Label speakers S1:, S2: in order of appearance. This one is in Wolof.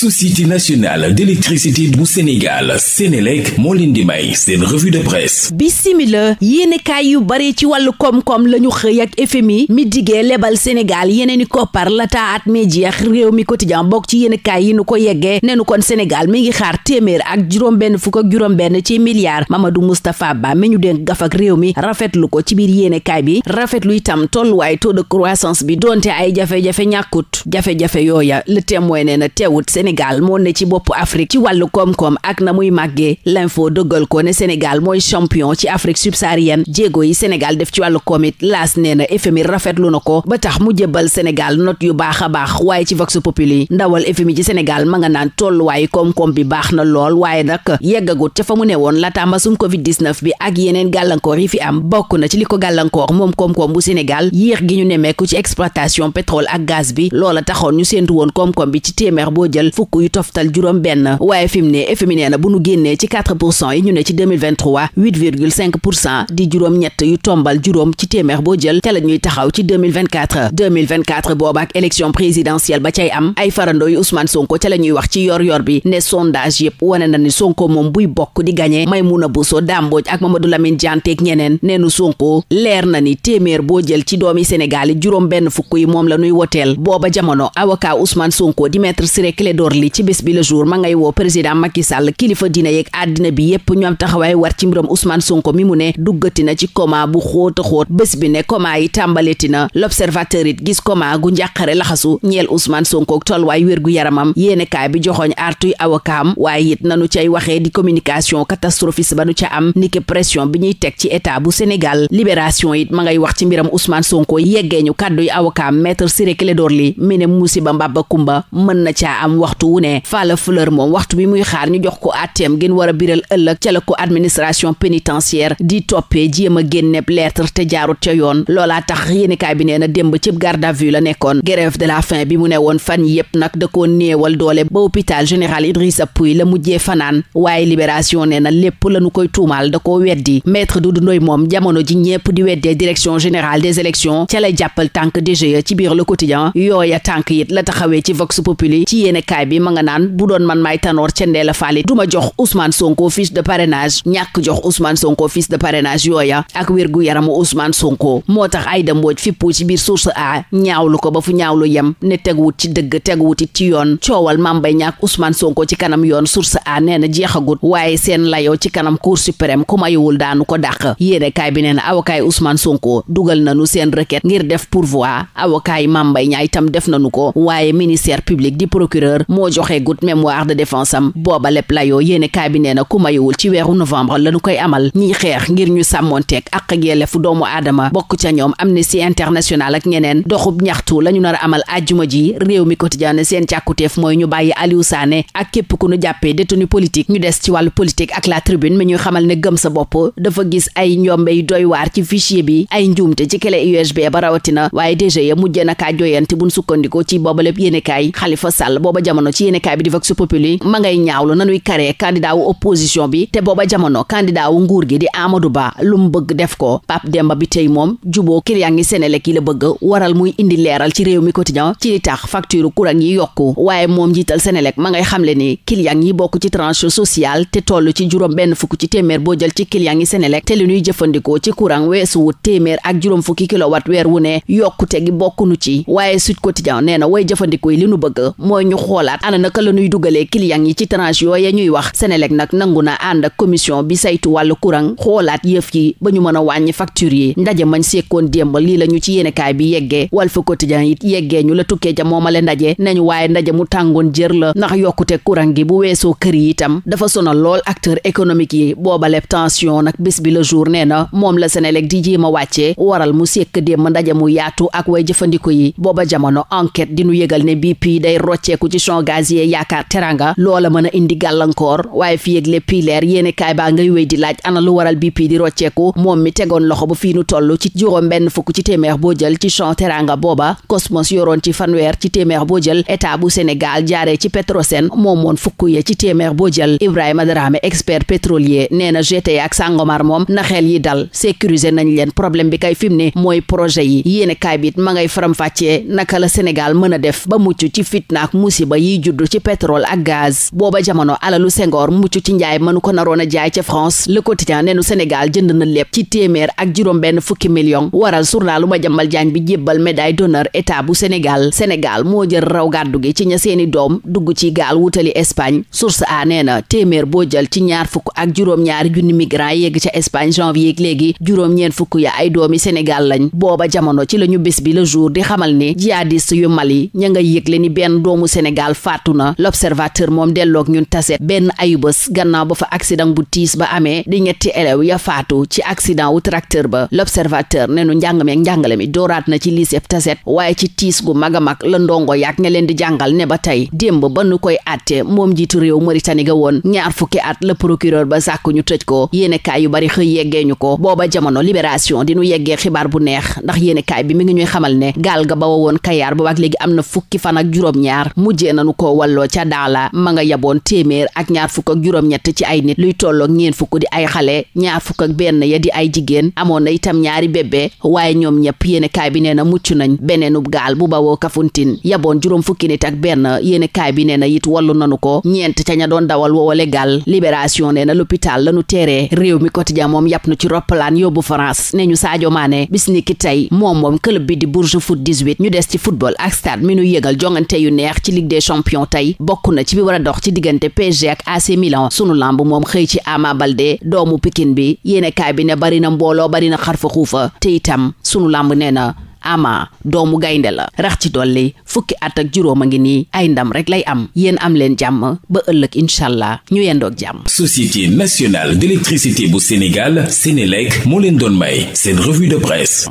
S1: société nationale d'électricité bu Sénégal Sénélec moo leen di may seen revue de presse bisimila yéenekaay yu bare ci wàllu koom-koom la ñu xëy ak FMI mi digee lebal Sénégal yeneeni koppar la taa at mee jeex réew mi quotidien bokk ci yéenekaay yi nu ko yeggee nenu kon Sénégal mi ngi xaar téeméer ak juróom-benn fukk ak juróom-benn ci milliards Mamadou Moustapha Ba mi ñu dénk gaf ak réew mi rafetlu ko ci biir yéenekaay bi rafetlu itam tolluwaay taux de croissance bi doonte ay jafe-jafe ñàkkut jafe-jafe yooya Sénégal moo ne ci boppu Afrique ci wàllu koom-koom ak na muy màggee l'info dëggal ko ne Sénégal mooy champion ci Afrique subsaharienne jéego yi Sénégal def ci wàllu koom it laas nee na FMI rafetlu na ko ba tax mu jébbal Sénégal note yu baax a baax waaye ci Vox Populi ndawal FMI ci Sénégal ma nga naan tolluwaayu koom-koom bi baax na lool waaye nag yeggagut ca fa mu ne woon laata mbasum Covid 19 bi ak yeneen gàllankoor yi fi am bokk na ci li ko gàllankoor moom koom-koom bu Sénégal yéex gi ñu nemmeeku ci fukk yu toftal juróom benn waaye fi mu ne FMI nee na bu nu génnee ci 4 pour cent yi ñu ne ci 2023 8 virgule 5 di juróom ñett yu tombal juróom ci téeméer boo jël te la taxaw ci 2024 2024 booba ak élection présidentielle ba cay am ay farandoo yu Ousmane Sonko ca la wax ci yor yor bi ne sondage yëpp wane na ni Sonko moom buy bokk di gagné Maimouna Bousso Damboj ak Mamadou Lamine Dianteeg ñeneen neenu Sonko leer na ni téeméer boo jël ci doomi Sénégal yi juróom benn fukk yi moom la ñuy woteel booba jamono avocat góor li ci bés bi le jour ma ngay woo président Macky Sall kilifa dina yeeg àddina bi yépp ñu am taxawaay war ci mbiram Ousmane Sonko mi mu ne duggati na ci coma bu xóota xóot bés bi ne coma yi tàmbaleti na l'observateur it gis coma gu njàqare laxasu ñeel Ousmane Sonko ak tolluwaay wérgu yaramam yéenekaay bi joxooñ artuy awakaam waaye it nanu cay waxee di communication catastrophiste ba nu ca am niki pression bi ñuy teg ci état bu Sénégal libération it ma ngay wax ci mbiram Ousmane Sonko yeggeeñu kàdduy awakaam maître Ciré Clédor Ly mi ne musiba mbàbba kumba mën na caa am waxtu waxtu wu ne Falla Fleur moom waxtu bi muy xaar ñu jox ko atteem gën war a biral ëllëg ca la ko administration pénitentiaire di toppee jéem a génneb leetr te jaarut ca yoon loolaa tax yéenekaay bi nee na démb cib garde à vue la nekkoon grève de la fin bi mu ne woon fan yépp nag da koo néewal doole ba hôpital général Idrissa Pouye la mujjee fanaan waaye liberation nee na lépp lañu koy tuumaal da koo weddi du du Ndoye moom jamono ji ñépp di weddee direction générale des élections ca la jàppal tànk DGE ci biir la taxawee yéenekaay bi ma nga naan bu doon man maay tanoor ca Ndella Fall ma jox Ousmane Sonko fiche de parrainage ñàkk jox Ousmane Sonko fiche de parrainage yooya ak wérgu yaramu Ousmane Sonko moo tax ay Aïda Mbodj fi ci biir source a ñaawlu ko ba fu ñaawlu yem ne teg teguwut ci dëgg teg teguwut ci yoon coowal Mame ñàkk Niang Ousmane Sonko ci kanam yoon source a nee na jeexagut waaye seen la layoo ci kanam Cour suprême ku mayuwul daanu ko dàq yéenekaay bi nee na awakaay Ousmane Sonko dugal nanu seen requête ngir def pourvoi awakaay Mame Mbaye Niang def nanu ko moo joxe gut mémoire de défense am booba lépp la yoo yéene kaay bi nee na ku mayuwul ci weeru novembre la ñu koy amal ñiy xeex ngir ñu sàmmoonteeg ak ak yelleefu doomu aadama bokk ca ñoom Amnesty International ak ñeneen doxub ñaxtu la ñu nar a amal àjjuma ji réew mi quotidien ne seen càkkuteef mooy ñu bàyyi Aliou Sané ak képp ku ñu jàppee détenu politique ñu des ci wàllu politique ak la tribune mi ñuy xamal ne gëm sa bopp dafa gis ay njombe yu doy waar ci fichier bi ay njuumte ci clé USB ba rawatina waaye DG ya mujjee na kaa joyanti buñ sukkandikoo ci booba lépp yéene kaay jamono ci yéenekaay bi di Vox Populi ma ngay ñaawlu nanuy karee candidat wu opposition bi te booba jamono candidat wu nguur gi di Amadou Ba lu mu bëgg def ko Pape Demba bi tey moom juboo client yi Senelec yi la bëgg waral muy indi leeral ci réew mi quotidien ci li tax facture courant yi yokku waaye moom njiital Senelec ma ngay xamle ni client yi bokk ci tranche sociale te toll ci juróom benn fukk ci téeméer boo jël ci client yi Senelec te li ñuy jëfandikoo ci courant weesuwut téeméer ak juróom fukki kilowatt weer wu ne yokkute gi bokkunu ci waaye Sud Quotidien nee nu bëgg mooy ñu xool xalaat ana na la ñuy dugalee client yi ci tranche yooye ñuy wax Senelec nag nangu na ànd ak commission bi saytu walla courant xoolaat yëf yi ba ñu mën a wàññi facture yi ndaje mañ sekkoon démb lii la ñu ci yéenekaay bi yeggee Walf Quotidien it yeggee ñu la tukkee ja moomale ndaje nañu waaye ndaje mu tàngoon jër la ndax yokkute courant gi bu weesoo kër yi itam dafa sonal lool acteur économique yi booba boobaleb tension nag bés bi la jour nee na moom la Senelec di jéem ma wàccee waral mu sekk ma ndaje mu yaatu ak way jëfandiko yi booba jamono enquête di nu yëgal ne BP Jean Gazier yaakaar teranga loola mën a indi gàllankoor waaye fi yëg le pileer yéene kaay baa ngay wéy di laaj ana lu waral BP di rocceeku moom mi tegoon loxo bu fii nu ci juróom benn fukk ci téeméer boo jël ci Jean teranga booba Cosmos yoroon ci fanweer ci téeméer boo jël état bu Sénégal jaaree ci Petrosen moom moon fukk ya ci téeméer boo jël Ibrahima Dramé expert pétrolier nee na GTA ak Sangomar moom na xel yi dal sécuriser nañ leen problème bi kay fi mu ne mooy projet yi yéene kaay bi ma ngay faram-fàccee la Sénégal mën a def yi juddu ci pétrole ak gaz booba jamono alalu Senghor mucc ci njaay mënu ko naroon a jaay ca France Le Quotidien neenu Sénégal jënd na lépp ci téeméer ak juróom benn fukki million waral journalu Madiambal Diagne bi jébbal médaille d'honneur état bu Sénégal Sénégal moo jël raw gàddu gi ci ña seeni doom dugg ci gaal wutali Espagne source a nee na téeméer boo jël ci ñaar fukk ak juróom-ñaari junni migrants yegg ca Espagne janvier léegi juróom-ñeen fukk ya ay doomi Sénégal lañ booba jamono ci lañu bés bi le jour di xamal ni jihadiste yu Mali ña nga yëgle ni benn doomu Sénégal faatu na l'observateur moom delloog ñun taset benn ayubés gannaaw ba fa accident bu tiis ba amee di ñetti élève ya faatu ci accident wu tracteur ba l'observateur ne nu njàng meek njàngale mi dooraat na ci lycée taset waaye ci tiis gu mag a mag la ndongo yaak ña leen di jàngal ne ba tey démb ba nu koy atte moom jiitu réew Mauritanie ga woon ñaar fukki at la procureur ba sàkk ñu tëj ko yéenekaay yu bari xëy yeggee ñu ko booba jamono libération di nu yeggee xibaar bu neex ndax yéenekaay bi mi ngi ñuy xamal ne gaal ga ba woon Kayaar ba waak léegi am na fukki fan ak juróom lu ko walloo ca daala ma nga yaboon téeméer ak ñaar fukk ak juróom-ñett ci ay nit luy tolloog ñeen fukk di ay xale ñaar fukk ak benn ya di ay jigéen amoon na itam ñaari bébé waaye ñoom ñëpp yéene kaay bi nee na mucc nañ beneenub gaal bu bawoo kafuntin yaboon juróom fukki nit ak benn yéene kaay bi nee na it wallu nanu ko ñeent ca ña doon dawal woowale gaal libération nee na l'hôpital lanu teeree réew mi quotidien moom yàpp nu ci roppalaan yóbbu France ne ñu Sadio Mané bis ni tey moom moom club bi di Bourges foot ñu des ci football champion tey bokk na ci bi war a dox ci diggante PSG ak AC Milan sunu lamb moom xëy ci Ama Baldé doomu Pikine bi yéene kaay bi ne bari na mbooloo bari na xarfa xuufa te itam sunu lamb nee na ama doomu gaynde la rax ci dolli fukki at ak juróom a ngi nii ay ndam rek lay am yéen am leen jàmm ba ëllëg incha allah ñu yendoog jàmm société nationale d'électricité bu Sénégal Sénélec moo leen doon may seen revue de presse